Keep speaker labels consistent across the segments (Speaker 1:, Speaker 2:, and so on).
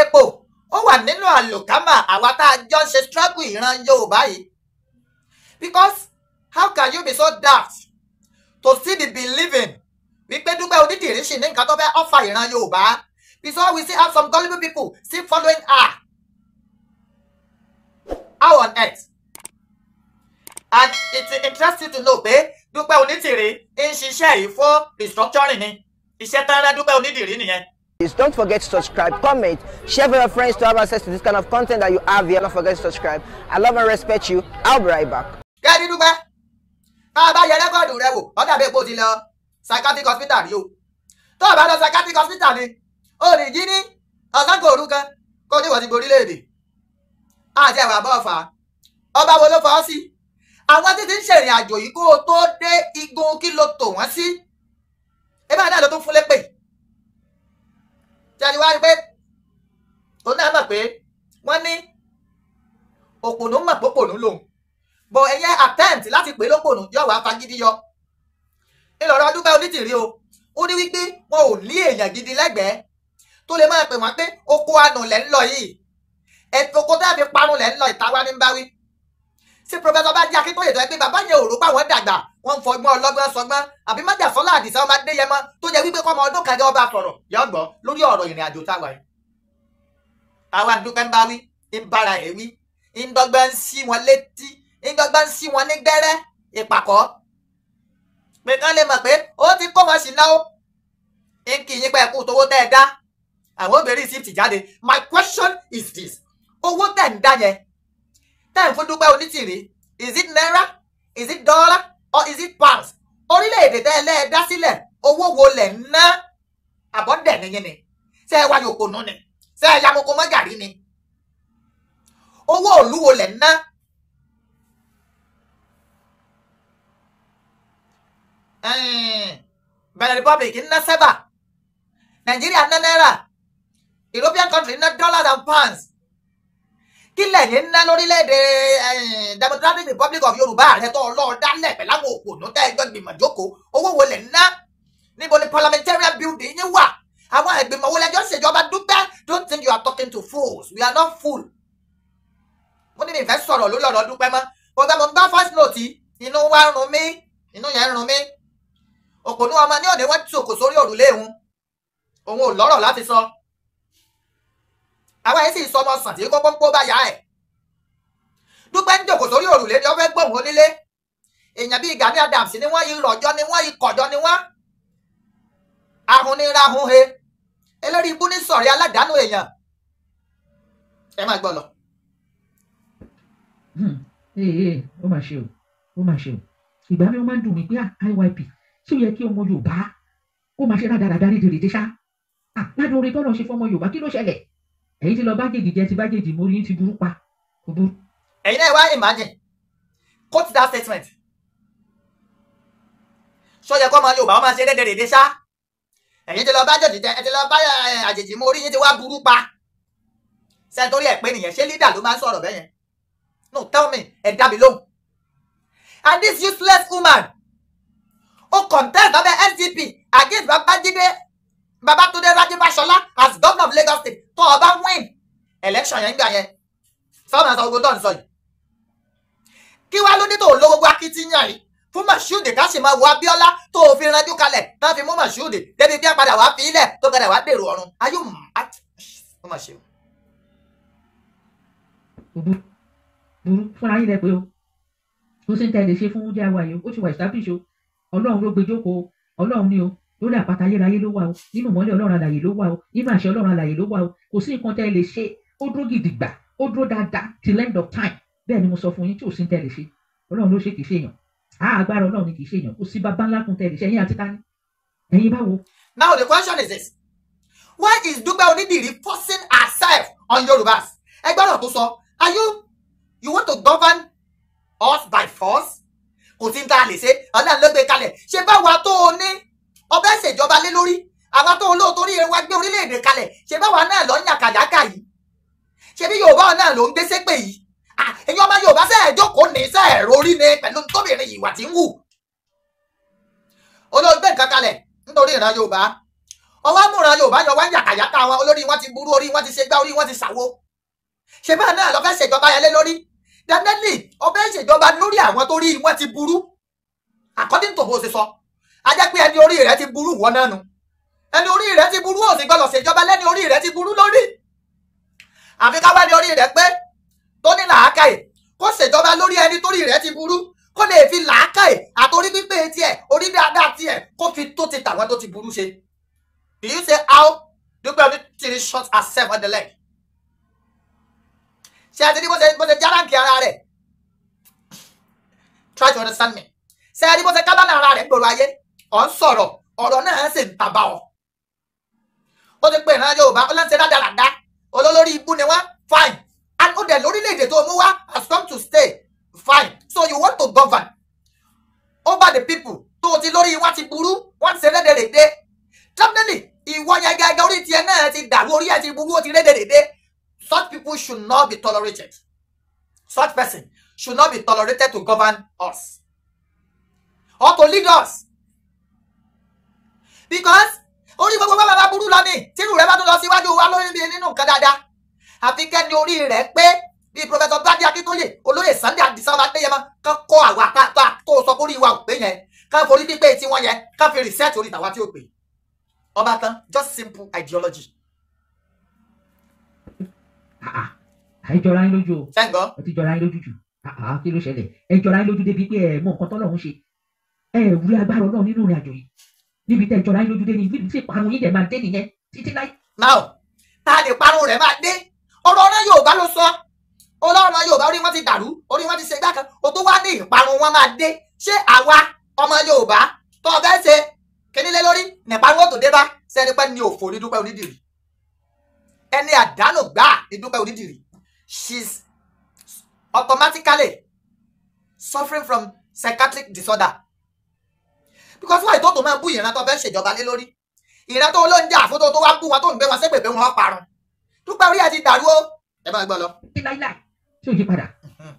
Speaker 1: epo ó wà nínú àlòkámà àwa tá a jọ ń ṣe struggle ìran Yorùbá yìí because how can you be so daft to see the believing wípé Dúpẹ́ Onítìrí ṣì ní nǹkan tó fẹ́ ọ̀fà ìran Yorùbá because we still have some gullible people still following her how on earth and it interest you to know pé Dúpẹ́ Onítìrí ń ṣiṣẹ́ yìí fún restructuring ni iṣẹ́ tán rẹ́ Dúpẹ́ Onítìrí nìyẹn Please don't forget to subscribe, comment, share with your friends to have access to this kind of content that you have here. Don't forget to subscribe. I love and respect you. I'll be right back. Kẹ́ẹ̀dì dúpẹ́, tá a bá yẹ rẹ́kọ̀dù rẹ wò, ọ̀gá mi kò ti lọ psychiatric hospital rí o. Tó o bá lọ psychiatric hospital ni, o lè jí ní ọ̀sán kò orú kan kó ní ìwọ̀sìn orílẹ̀-èdè. Àti ẹ̀wà bọ́ fà Ọba wo ló fọ́ sí? Àwọn títí ń ṣèrìn àjò yìí kó o tó dé igun kí lo tò wọ́n sí. Ẹ bá dáa ló tún fún lépè jáde wá rí pé tó náà mọ̀ pé wọ́n ní òpònú mọ̀ pé lòun bọ̀ ẹ̀yẹ attempt láti pè lópònú yọ̀ wá fagídí yọ ńlọrọ̀ ọdún bá onítìrí o ó ní wípé wọn ò ní èèyàn gidi lẹ́gbẹ̀ẹ́ tó lè máa pè wọ́n pé oko anù lẹ́ ń lọ yìí oko tá fi parun lẹ́ ń lọ ìtawá ní báwí ṣé pọfẹsọ bá jẹ akíntóye tó yẹ pé bàbá yẹn ò rò pé àwọn dàgbà wọn ń fọgbọ́n ọlọ́gbọ́n sọgbọ́n àbí májàsọ́lá àdìsá ọmọ adéyẹmọ tó jẹ wípé kọ́mọ ọdún kan gẹ́ ọba sọ̀rọ̀ yọgbọ́ lórí ọ̀rọ̀ ìrìn àjò táwa yìí. àwa dúpẹ́ ń bá wí ń bára ẹ̀ wí ń dọ́gba ń sí wọn létí ń dọ́gba ń sí wọn ní gbẹ́rẹ́ ìpàkọ́ pé kán lè mọ̀ pé ó ti kó wọn sí náà ń kì í yín pẹ́ tẹ́ẹ̀ fún Dúpẹ́ Onítìrí is it naira is it dollar or is it pounds orílẹ̀-èdè tẹ́ ẹ lẹ́ẹ̀ dá sílẹ̀ owó wo lẹ̀ ń ná àbọ̀dẹ̀ nìyẹn ni ṣé ẹ wá yòókù nù ni ṣé ẹ yamoko mọ́ gàrí ni owó òlú wo lẹ̀ ń ná. Benin Republic ń ná sẹ́bà Nàìjíríà ná náírà European country ná dollars and pounds kílẹ̀ ní ńlá lórílẹ̀‐èdè eh, democratic republic of yorùbá ààrẹ tó ọlọ́ọ̀ dálẹ̀ pẹ̀láwọ̀ òpònú tẹ́ ẹjọ́ gbìmọ̀ jókòó owó wo lẹ̀ ńlá níbo ni parliamentarian building yín wà àwọn ìgbìmọ̀ wo lẹ́jọ́ ṣèjọba dúpẹ́ don't think you are talking to fools we are not fool. mo ní mi fẹ́ sọ̀rọ̀ lórí ọ̀rọ̀ dúpẹ́ mọ́ mo gbà mo gbà first note inú wa rún mí inú yẹn rún mí òpònú ọmọ ní òde wọ́n ti sòkò sórí òrùlé òun òun ò lọ́rọ̀ láti sọ àwọn yìí sì sọmọ sàn tí kókó ń kó bá yá ẹ̀ dúpẹ́ ń jòkó sórí òrùlé ni wọ́n fẹ́ gbóhùn onílé èèyàn bíi Gani Adams ni wọ́n yìí lọ́jọ́ ni wọ́n yìí kọ̀jọ́ ni wọ́n ahun ni ra hun he eléré ibú ní sọ̀rí aládàánú èèyàn ẹ máa gbọ́ lọ.
Speaker 2: Hmm. ee ó mà ṣe o ó mà ṣe o ìgbà mi ó máa ń dùn mí pé ah, IYP ṣé ó yẹ kí ọmọ Yorùbá kó máa ṣe rádaràdà rédèrèdè ṣá àpádùn ah, orin tọ́nà ṣe fọmọ Yorùbá kí ló ṣẹlẹ̀ èyí ti lọ bájèjì jẹ ti bájèjì mórí yín ti burú pa kò burú.
Speaker 1: ẹ̀yin náà wá imagine quote that statement sọ́jà kọ́ máa Yorùbá wọ́n máa ṣe dédèrèdè ṣá ẹ̀yin ti lọ bájèjì jẹ ẹ ti lọ bá àjèjì mórí yín ti wá burú pa sẹ́ńtórí ẹ̀ pé nìyẹn ṣé leader ló máa ń sọ̀rọ̀ bẹ́yẹn no tell me ẹ̀ dá mi lóhùn and this useless woman ó contest abẹ́ NCP against Babájídé Babatunde Raji Fashola as governor of Lagos state tó ọba win election yẹn gbà yẹn sọ́nà sọ ogun tó ń sọ yìí. kí wàá ló dé tó lọ gbogbo akitiyan yìí fún Mashood ká sì máa wo Abiola tó fi ranjú kalẹ̀ náà fi mú Mashood débi bí apadà wàá fi ilẹ̀ tó padà wàá dèrò ọ̀run ayé mọ̀ á ó mà ṣe
Speaker 2: o. ògùn burú fúnra yín lẹ pé o ó sì ń tẹ̀lé ṣe fún jẹ́ àwa yìí ó ti wà establish ọlọ́run ló gbé ọlọ́run ni o lórí àpáta ayérayé ló wà o nínú ìmọ́lẹ̀ ọlọ́run alàyè ló wà o nínú àṣẹ ọlọ́run alàyè ló wà o kò sí nǹkan tẹ́ ẹ lè ṣe ó dúró gidigba ó dúró dáadáa till end of time bẹ́ẹ̀ ni mo sọ fún yín tí ò sí tẹ́ ẹ lè ṣe ọlọ́run ló ṣe kìí ṣe èèyàn agbára ọlọ́run ni kìí ṣe èèyàn kò sí bàbá ńlá kun tẹ́ ẹ lè ṣe ẹ̀yin àti tani ẹ̀yin báwo. now the question is this why is Dugbe Onidiri forcing
Speaker 1: herself on Yorubas ẹgbẹ́ ọ̀rọ̀ tó sọ are you you want to govern us by force kò sí ní ta lè ṣe ọlọ́run ló gbé kalẹ̀ ṣe báwa tó o ní ṣèjọba lé lórí àwa tó ń lò torí gbé orílẹ̀-èdè kalẹ̀ ṣe báwa náà lọ ń yàkàyàkà yìí ṣe bí yorùbá náà ló ń gbé sépè yìí ẹ̀yin ọmọ yorùbá sẹ́ẹ̀ jókòó ní sẹ́ẹ̀ rórí ni pẹ̀lú tóbìnrin ìwà tí ń wù olóògbé nǹkan kalẹ̀ nítorí ìran yorùbá ọwọ́ mú yorùbá yọ wá ń yàkàyàkà wọn olórí wọn ti burú orí wọn ti ṣe gbá orí wọn ti ṣàwo ṣe báwa náà lọ fẹ́ ṣèjọba yẹlé lórí dandanli ọbẹ̀ ṣèjọba lórí àwọn tó wọn ti burú according to bó ṣe sọ. So ajá pé ẹni orí rẹ ti burú wọ́n nánu ẹni orí rẹ ti burú òsì gbọ́dọ̀ ṣèjọba lẹ́ni orí rẹ ti burú lórí àfi ká wá ní orí rẹ pé tó ní làákàyè kó ṣèjọba lórí ẹni torí rẹ ti burú kó lè fi làákàyè àtòrí pípé tiẹ̀ orí dáadáa tiẹ̀ kó fi tó ti tàwọn tó ti burú ṣe kì í ṣe how dúpẹ́ ọdún tiri shot herself on the leg ṣe àti ní bó ṣe bó ṣe járáǹkì ara rẹ̀ try to understand me ṣe àti bó ṣe kábàlà ara rẹ̀ gbòòrò ayé ọ̀ ń sọ̀rọ̀ ọ̀rọ̀ náà ṣe ń tàbá ọ. ó ti pè náà yorùbá ọlọ́sẹ̀ rádaràdá olólórí ibú ni wá fine and ó dẹ̀ lórílẹ̀‐èdè tó mú wá has come to stay fine so you want to govern over the people tó o ti lórí wá ti burú wọ́n ti ṣe rédèrèdè definitely ìwọ yẹn gẹ́gẹ́ orí tiẹ̀ náà ti dàrú orí ẹ̀ ti burú ó ti rédèrèdè such people should not be tolerated such person should not be tolerated to govern us or to lead us because orí gbogbo bá bàbá burú lọ ni tírù rẹ bá tún lọ síwájú wa lórí mi nínú nǹkan dáadáa àfi kẹ́ni orí rẹ̀ pé bíi pọfẹsọ bádé akíntóyè olóyè Sunday àdìsán ọba adéyẹmọ kan kọ àwa tá tó sọ kórìí wa òpè yẹn kan forí pípé tí wọn yẹn kan fi research orí tàwa tí ó pè ọba tán just simple ideology.
Speaker 2: Ah, ah, ẹ jọra yín lójú o ṣẹ́ńgọ́ ẹ ti jọra yín lójú jù ah, kí ló ṣẹlẹ̀ ẹ jọra yín lójú débi pé ẹ mọ nǹkan tọ́lọ́run ṣe ẹ wúlé agbára ọlọ́run nínú ìrìn àjò yìí níbi tẹ̀ jọra yín lójú dé ni níbi tí ìparun yín dẹ̀ máa dé nìyẹn títí láì. máa ò ta lè parun rẹ̀
Speaker 1: máa dé ọ̀rọ̀ ọ̀rọ̀ Yorùbá ló sọ ọlọ́run Yorùbá orí wọn ti dàrú orí wọn ti ṣe gbákan o tó wá ní ìparun wọn máa dé ṣé àwa ọmọ Yorùbá tó o fẹ́ ṣe kínílé lórí nìparun ó tó dé bá sẹ́ni pẹ́ ni òfò ní dúpẹ́ onídìrí ẹni àdánù gbà ní dúpẹ́ onídìrí she is automatically suffering from psychiatric disorder because why tó tó máa bú ìran tó fẹ́ ṣèjọba lé lórí ìran tó ló ń jà fún tó tó wá bú wọn tó ń gbé wọn ṣépè pé wọn parun dúpẹ́
Speaker 2: orí àti dàrú ó ẹ máa gbọ́ lọ. láíláí tí o yí padà mhm.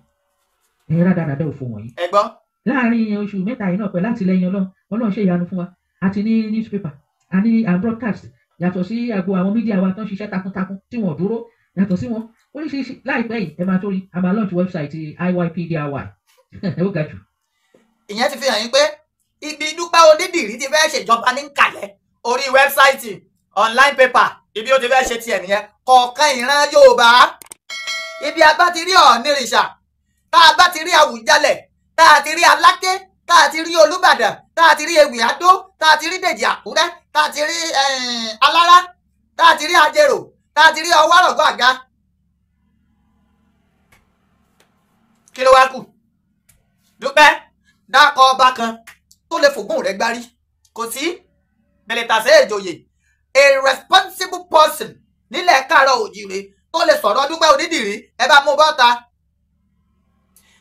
Speaker 2: ẹ rádaràdà òfò wọ̀nyí. ẹ gbọ́. láàárín oṣù mẹ́ta yìí náà pẹ̀ láti lẹ́yìn ọlọ́run ọlọ́run ṣe ìyanu fún wa àti ní newspaper àní à broadcast yàtọ̀ sí àgbo àwọn mídíà wa tó ń ṣiṣẹ́ takuntakun tí wọ́n dúró yàtọ̀ sí wọn oríṣiríṣi láìpẹ́ yìí ẹ máa tó rí a máa launch website IYPDIY ó ga jù.
Speaker 1: ìyẹn ti fi hàn yín pé ibi dúpẹ́ onídìrí ti fẹ́ ṣèjọba ní kàlẹ́ orí wẹ́bsáìtì online paper ibi ó ti fẹ́ ṣe tiẹ̀ nìyẹn kọ̀ọ̀kan ìran Yorùbá ibi a bá ti rí ọ̀nìrìṣà tá a bá ti rí Àwùjalẹ̀ tá a ti rí Aláké tá a ti rí Olúbàdàn tá a ti rí Ewì Àdó tá a ti rí Dèjì Àkúrẹ́ tá a ti rí eh, Alára tá a ti rí Ajérò tá a ti rí Ọwárọ̀gọ́ Àga kí ló wá kù dúpẹ́ dákọ̀ ọba kan tó lè fògùn rẹ̀ gbárí kò sí bẹ̀lẹ̀tàsẹ́ ìjòyè a responsible person nílẹ̀ káàárọ̀ òjìrè tó lè sọ̀rọ̀ Dúpẹ́ Onídìrí ẹ bá mú bọ́ta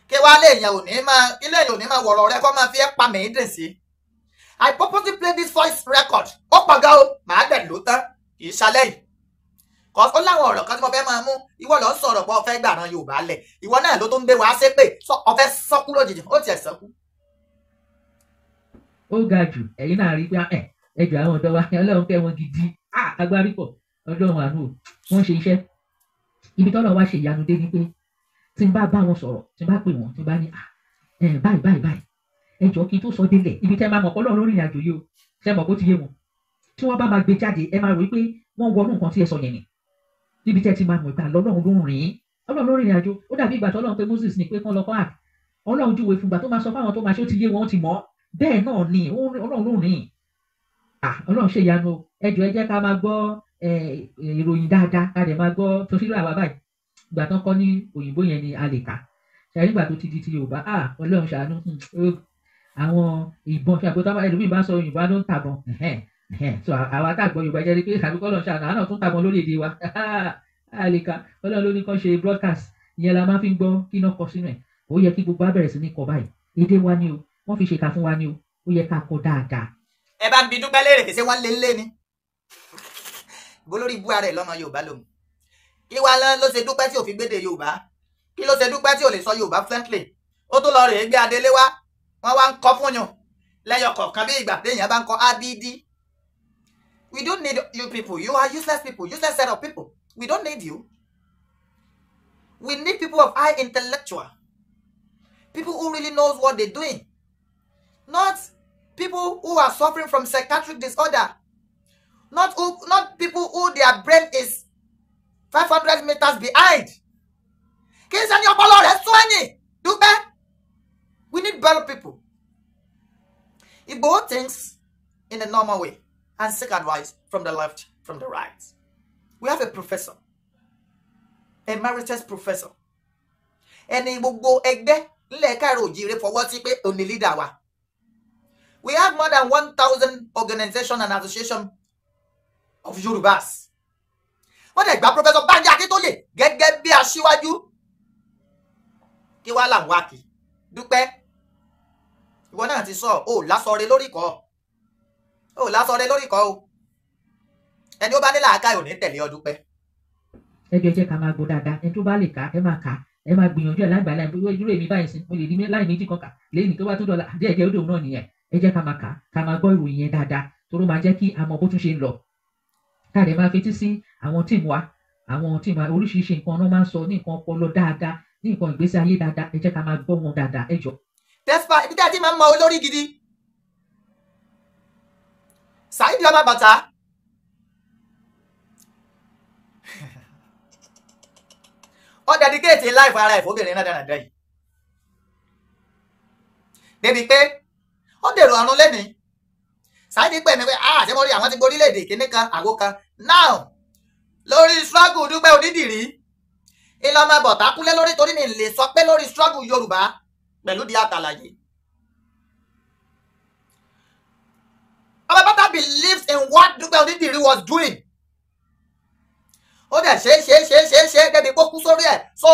Speaker 1: kí wàá léèyàn ò ní máa kí léèyàn ò ní máa wọ̀rọ̀ rẹ kó máa fi ẹ́ pa mẹ́yìn dè sí. I purposely play this voice record ó pọ̀ gan o màá dẹ̀ ló tán kì í ṣalẹ́yìn kọ́ ó láwọn ọ̀rọ̀ kan tí mo fẹ́ máa mú ìwọ lọ sọ̀rọ̀ pé o fẹ́ gbàràn Yorùbá lẹ̀ ìwọ náà ló tó ń gbé wàá ṣépè o fẹ́ sọ́kú lójijì ó tiẹ̀ sọ́kú
Speaker 2: ó ga jù ẹ̀yin náà rí pé ẹ̀ ah, eh, ẹjọ́ àwọn ọ̀dọ́ wa ọlọ́run kẹ́ wọn gidi ah, agbárí pọ̀ ọlọ́run àánú wọ́n ṣe iṣẹ́ ibi tọ́lọ̀ wá ṣe ìyanu dé ni pé tí n bá bá wọn sọ̀rọ̀ tí n bá pè wọ́n tí n bá ní ah, báyìí báyìí báyìí ẹjọ́ kí n tó sọ délẹ̀ ibi tẹ́ máa mọ̀ kọ́lọ́ lórí ìrìnàjò yìí o tẹ́ mọ̀ kó ti yé wọn tí wọ́n bá máa gbé jáde ẹ máa rò pé wọ́n wọnú nǹkan tí ẹ sọ yẹn ni níbi tẹ́ ti máa mọ̀ ìgbà lọ́lọ́run ló ń rìn ọlọ́run lórí ìrìnàjò ó dàbí ìgbà tọ́lọ́run pé Moses ní pé kán lọ kọ́ àt ọlọ́run júwe fún ìgbà tó máa sọ fáwọn tó máa ṣe ó ti yé wọn ó ti mọ̀ bẹ́ẹ̀ náà ni ọlọ́run ló ní ọlọ́run ṣe ìyanu ẹ jọ̀ọ́ ẹ jẹ́ ká máa gbọ́ ìròyìn dáadáa ká dẹ̀ máa gbọ́ tó sílẹ̀ àwa báyìí ìgbà tán kọ́ ní òyìnbó yẹn ni a lè kà ṣàyẹ̀ nígbà tó ti di ti yorùbá ọlọ́run ṣàánú hmm, àwọn ìbọn ṣe àgbótá ẹlòmíì bá sọ yorùbá ló ń tàbọn so àwa tá àgbọ̀ yorùbá jẹ́ pé àbíkọ́ ọlọ́run ṣàánú àánà tún tàbọn lórí èdè wa a lè kà ọlọ́run ló ní kọ́ ṣe broadcast ìyẹn la máa fi ń gbọ́ kí náà kọ sínú ẹ̀ ó yẹ kí gbogbo abẹ̀rẹ̀ sí ní kọ báyìí èdè wa ni o wọ́n fi ṣèkà fún wa ni o ó yẹ ká kọ dáadáa.
Speaker 1: ẹ bá ń bi dúpẹ́ léèrè kì í ṣe wá lélé ni bolórí buhari lọ́mọ yorùbá lòun kí wàá ló ṣe dúpẹ́ tí ò fi gbéde yorùbá kí ló ṣe dúpẹ́ tí ò lè sọ yorùbá fluently ó tó lọ rèé gbé adélé wá wọ́n wá ń kọ́ fún yàn lẹ́yọ kọ̀ọ̀kan bí ìgbà téèyàn bá ń kọ́ abd we don't need you people you are useless people useless set of people we don't need you we need people of high intellectual people who really knows what they doing not people who are suffering from psychiatric disorder not who not people who their brain is five hundred meters behind kì ni ṣe ní ọpọlọ rẹ̀ sún we need better people Igboho thinks in a normal way and seek advice from the left from the right we have a professor emeritus professor ẹni gbogbo ẹgbẹ́ ńlẹ̀ káàró òjì rẹ̀ fọwọ́ sí pé òní leader wa We have more than 1,000 organization and association of Yorubas. Wọ́n dẹ̀ gba Professor Banji Akintoye gẹ́gẹ́ bí aṣíwájú. Kí wá là ń wá kí? Dúpẹ́. Ìwọ náà ti sọ ò lásọre lórí kọ́. Ò lásọre lórí kọ́ o. Ẹni ó bá ní làákàyè ò ní tẹ̀lé ọ Dúpẹ́.
Speaker 2: Ẹ jẹ́ jẹ́ ká máa gbọ́ dáadáa, ẹni tó bá lè ká, ẹ máa kà á ẹ máa gbìyànjú ẹ lágbàá láì bóyá irú èmi báyìí sí mo lè ní láì méjì kan kà lẹ́yìn tó bá tó dọ̀la díẹ̀ ó dòun náà nìyẹn ẹ jẹ́ ká máa kà ká máa gbọ́ ìròyìn yẹn dáadáa toró máa jẹ́ kí a mọ bó tún ṣe ń lọ káàdé máa fetí sí àwọn tíìmù wa àwọn tíìmù wa oríṣiríṣi nǹkan ọ̀nà máa ń sọ ní nǹkan ọpọlọ dáadáa ní nǹkan ìgbésí ayé dáadáa ẹ jẹ́ ká máa gbọ́ wọn dáadáa ẹ jọ.
Speaker 1: despa ibi tí a ti máa ń mọ olórí gidi Saheed ọmọ bàtà ó dedicate life ara ẹ̀ fóbìnrin náà dáradára yìí débi pé ó dèrò àrùn lẹ́nìí Saheed pẹ̀ ní pé ah ṣé mo rí àwọn ti gborí léde kíní kan àwo kan now lórí struggle Dúpẹ́ Onídìrí ìlọmọ bọ̀tà kúlẹ̀ lórí torí ni lè sọ pé lórí struggle Yorùbá pẹ̀lú di àtàlàyé. Ababata believes in what Dúpẹ́ Onídìrí was doing ó dẹ̀ ṣe é ṣe é ṣe é ṣe é débi kó kú sórí ẹ̀ so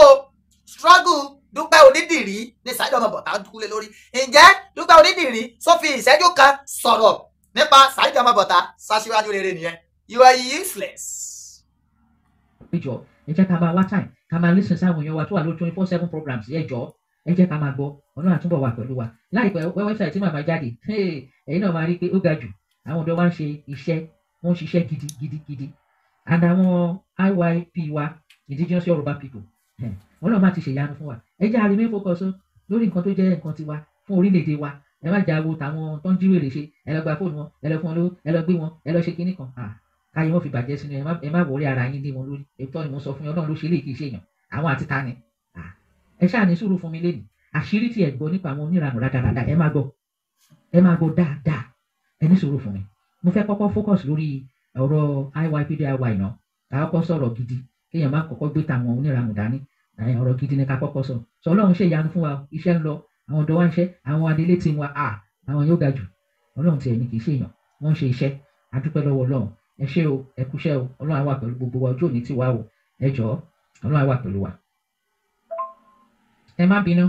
Speaker 1: struggle dúpẹ́ onídìrí ní Saheed ọmọ Bọ̀tá dúkúlé lórí ǹjẹ́ dúpẹ́ onídìrí sófin ìṣẹ́jú kan sọ̀rọ̀ nípa Saheed ọmọ Bọ̀tá ṣáṣíwájú rere nìyẹn you are useless.
Speaker 2: ìjọ ẹ jẹ́ ká máa wá time ká máa listen sáwọn èèyàn wa tó wà lórí four seven programs yẹn jọ ẹ jẹ́ ká máa gbọ́ ọ̀nà àtúbọ̀ wà pẹ̀lú wa láìpẹ́ wẹ́wẹ́sàì tí màmá jáde ẹ̀yin náà máa rí i pé ó ga jù àwọn ọ̀dọ́ wa ń ṣe iṣẹ́ wọ́n ń ṣiṣẹ́ gidigidigidi and IYP wa indigenous Yoruba people hmm, ọlọ́run bá ti ṣèyanu fún wa ẹ jẹ́ àrí mẹ́fọ́ kan sọ lórí nǹkan tó jẹ́ nǹkan tiwa fún orílẹ̀-èdè wa ẹ má jáwo tàwọn tó ń jíwèrè ṣe ẹ lọ gba fóònù wọn ẹ lọ fún wọn lówó ẹ lọ gbé wọn ẹ lọ ṣe kinní kan káyọ̀ wọn fi bàjẹ́ sínú ẹ má wọlé ara yín lé wọn lórí ètò ni mo sọ fún yín ọlọ́run ló ṣe lè kí iṣẹ́ yàn àwọn àti tani ẹ ṣáà ní sùúrù fún mi lẹ́nu àṣírí tí ẹ gbọ́ nípa àwọn oníranù rádaràda ẹ má gbọ́ ẹ má gbọ́ dáadáa ẹ ní sùúrù fún mi mo fẹ́ kọ́kọ́ fókọ̀sì lórí ọ̀rọ̀ IYPDIY náà ká kọ́kọ́ sọ̀rọ̀ gidi kéèyàn má kọ́kọ́ gbé tàwọn oníranù dání ọ̀rọ̀ gidi ni ká kọ́kọ́ sọ sọ ọlọ́run ṣe ìyanu fún wa iṣẹ́ ń lọ àwọn ọ̀dọ́ wa ń ṣe àwọn adélé ti wa à àwọn yóò ga jù ọlọ́run tiẹ̀ ni kì í ṣe èèyàn wọ́n ń ṣe iṣẹ́ adúpẹ́ lọ́wọ́ ọlọ́run ẹ ṣé o ẹ kúṣẹ́ o ọlọ́run á pẹ̀lú gbogbo wa ojú òní ti wá o ẹ jọ̀ọ́ ọlọ́run á pẹ̀lú wa. ẹ má bínú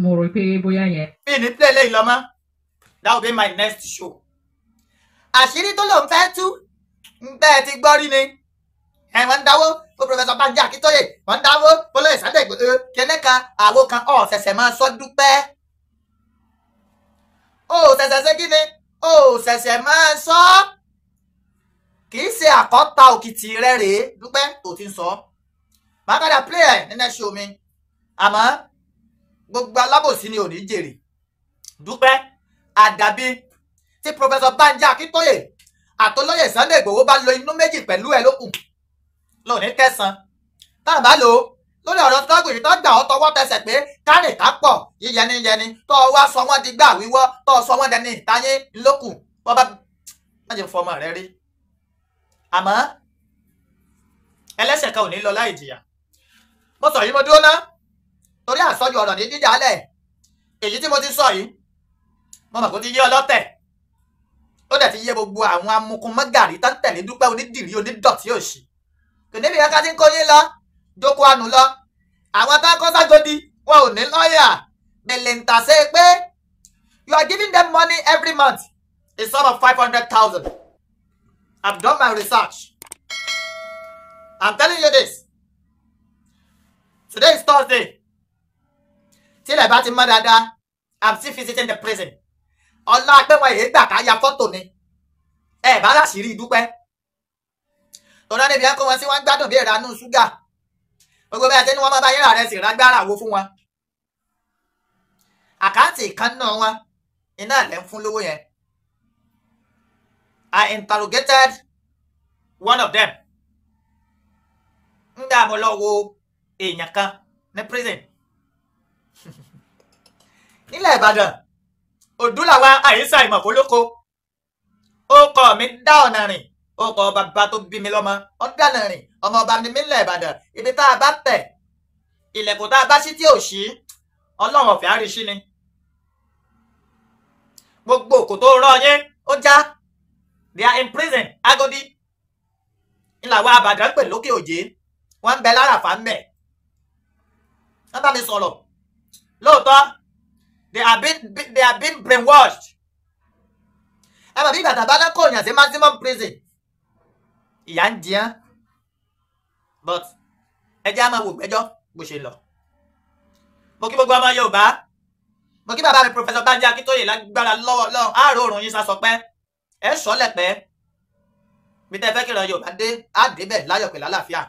Speaker 2: mo rò pé bóyá yẹn.
Speaker 1: mi ní tẹ́lẹ̀ ìlọ́mọ́ that will be my next show àṣírí tó lòun fẹ́ tú ń bẹ́ẹ̀ ti gbọ́ rí ni ẹ wọ́n ń dáwó fún pọfẹsọ Banji Akíntóyè wọ́n ń dáwó fọlọ́ ìsàlẹ̀ ìgbòho kan àwo kan ọ̀ ṣẹ̀ṣẹ̀ máa sọ dúpẹ́ ó ṣẹ̀ṣẹ̀ ṣe kí ni ó ṣẹ̀ṣẹ̀ máa sọ kì í ṣe àkọ́ta òkìtì rẹ rèé dúpẹ́ tó ti sọ màá padà play ẹ̀ nínú ẹ̀ṣẹ̀ omi àmọ́ gbogbo alábòsí ni òní jèrè dúpẹ́ àdàbí tí pọfẹsọ Banji Akíntóyè àtọlọ́yẹ̀ Sunday Ìgbòho bá lo inú méjì pẹ̀lú ẹ̀ lókùn lóní kẹsàn tá a bá lò ó lórí ọ̀rọ̀ tó gbèsè tó gbà ọ́ tọwọ́ tẹsẹ̀ pé kárì ká pọ̀ yíyẹniyẹni tó o wá sọ wọ́n di gbà wíwọ́ tó o sọ wọ́n dẹni ìtayé lókù wọ́n bá má jẹ́ fọmọ rẹ rí àmọ́ ẹlẹ́sẹ̀ kan ò ní lọ láì jìyà mo sọ yìí mo dúró ná torí àsọjù ọ̀rọ̀ ní jíjàálẹ̀ èyí tí mo ti sọ yìí mo mọ̀ kó ti yé ọlọ́tẹ̀ ó dẹ̀ ti yé gbogbo àwọn amukunmọ́gàrí tó ń tẹ̀lé dúpẹ́ onídìrí onídọ̀tí òṣì kèdébì yẹn ká ti ń kó yín lọ dóko àánú lọ àwọn tó ń kọ́ ságodi wọn ò ní lọ́ọ̀yà bìlìǹtà ṣe pé you are giving them money every month a sum of five hundred thousand I've done my research I'm telling you this today is Thursday tí ilẹ̀ bá ti mọ́ dáadáa I'm still visiting the prison ọlá pé wọn èyí gbà ká ya fọ́tò ni ẹ bá láṣìírí dúpẹ́ tọ́lá níbi ẹ̀kọ́ wọn sí wọn gbádùn bí ìranú ṣúgà gbogbo bẹ́ẹ̀ tí wọ́n máa bá yẹ́ra rẹ̀ sì rágbára wo fún wọn. àkáǹtì kan náà wọn iná lẹ́ ń fún lówó yẹn. I interrogated one of them. ń dá mo lọ wo èèyàn kan ní prison. nílẹ̀ Ìbàdàn Odúláwà àyíṣà ìmọ̀kólókó ó kọ́ mi dá ọ̀nà rìn ọkọ̀ bàbá tó bí mi lọ́mọ ọ̀dànà rìn ọmọ ọba ni mí lẹ̀ ìbàdàn ibi tá a bá tẹ̀ ilẹ̀kùn tá a bá sí tí ò ṣí ọlọ́run ọ̀fẹ́ àríṣí ni gbogbo òkò tó rọ yín ó já they are in prison Agodi ìlàwọ̀ àbàdàn pè lókè òjé wọ́n ń bẹ láràfà ń bẹ̀ wọ́n bá mi sọ̀rọ̀ lóòótọ́ they have been they have been brainwashed ẹ mọ̀ bí bàtà bá náà kò yàn sí maximum prison ìyá ń jẹun but ẹjẹ́ á máa wò gbẹ́jọ́ bó ṣe lọ. mo kí gbogbo ọmọ Yorùbá mo kí bàbá mi Professor Banji Akíntóyè lágbára lọ́wọ́ lọ́wọ́ àárò òrùn yín sásọ pẹ́ ẹ sọ́lẹ̀ pẹ́ bí tẹ́ fẹ́ kíran Yorùbá dé á débẹ̀ láyọ̀ pẹ̀lú àlàáfíà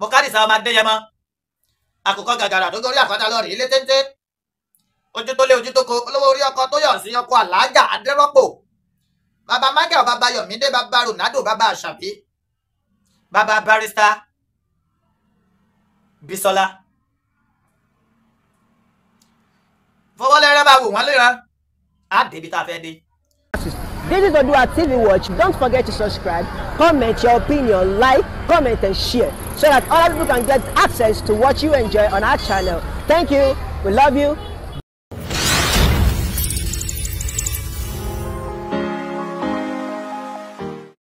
Speaker 1: mo kárí ìsà ọmọ Adéyẹmọ àkùkọ gàgàrà tó gorí àkọ́tà lọ́ọ̀rì ilé téńté ojú tó lé ojú tó ko olówó orí ọkọ tó yọ̀ sí ọkọ àlàájà adérọ́pò bàbá bayọ̀mídé bàbá ronaldo bàbá àṣàbí bàbá barista bisola fọwọ́lẹ́rẹ́ bá wò wọ́n léra á débi tá a fẹ́ dé.
Speaker 2: This is Oòduà TV Watch. Don't forget to subscribe, comment your opinion, like, comment and share so that other people can get access to what you enjoy on our channel. Thank you. We love you.